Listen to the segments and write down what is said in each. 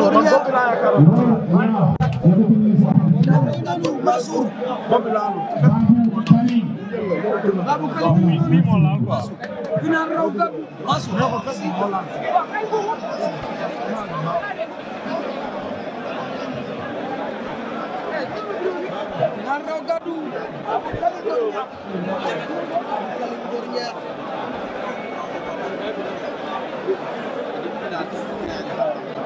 man bopp laa yaakaar Mansour bopp laa Thank you.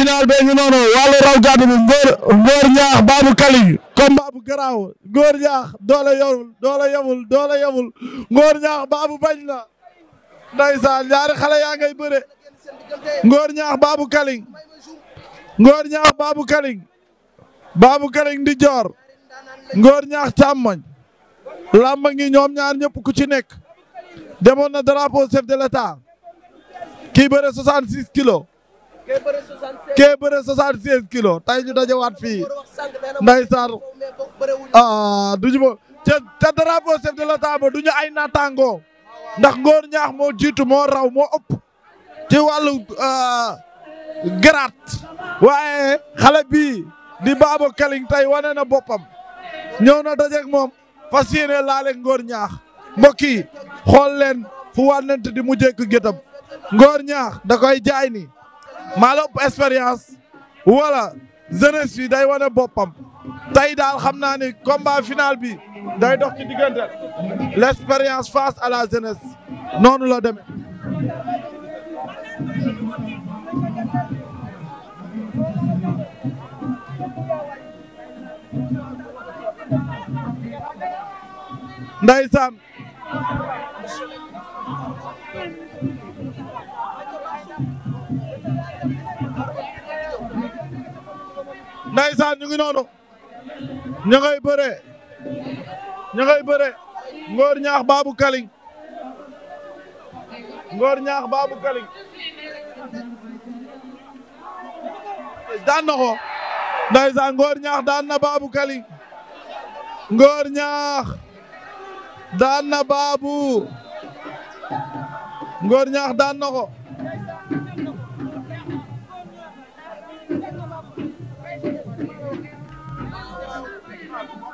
final bee ngi noonu wàllu raw gàddu bi ñaax baabu kali combat bu garaaw ngóor ñaax doole yowul doole yowul doole yowul ñaax baabu bañ na ndeysaan ñaari xale yaa ngay bëre ngóor ñaax baabu kaling ngóor ñaax baabu kaling baabu kaling di joor ngóor ñaax càmmoñ làmba ngi ñoom ñaar ñëpp ku ci nekk demoon na drapo chef de l'état kii bëre 66 kilos kee bëre kilo kilos tey ñu dajawaat fii ndeysaan ah du ñu ma ca ca drapeau chef de l'État ba du ñu ay naataangoo ndax ngoor ñaax moo jiitu moo raw moo ëpp ci wàllu ah, garaat waaye xale bii di Baaba Kaling tey wane na boppam ñëw na dajeeg moom fas yéene laaleeg ngóor ñaax mbokk yi xool leen fu wànnent di mujjee ko gétam ngóor ñaax da koy jaay ni maa la ëpp expérience wala jeunesse bi day wane boppam tey daal xam naa ni combat final bi day dox ci diggante expérience face à la jeunesse noonu la demee. Ndeysaan ndaysaan ñu ngi noonu ñu ngay bëre ñu ngay bëre Ngor ñaax Babou Kaling Ngor ñaax Babou Kaling daan na ko ndaysaan Ngor ñaax daan na Babou Kaling Ngor ñaax daan na Babou Ngor ñaax daan na ko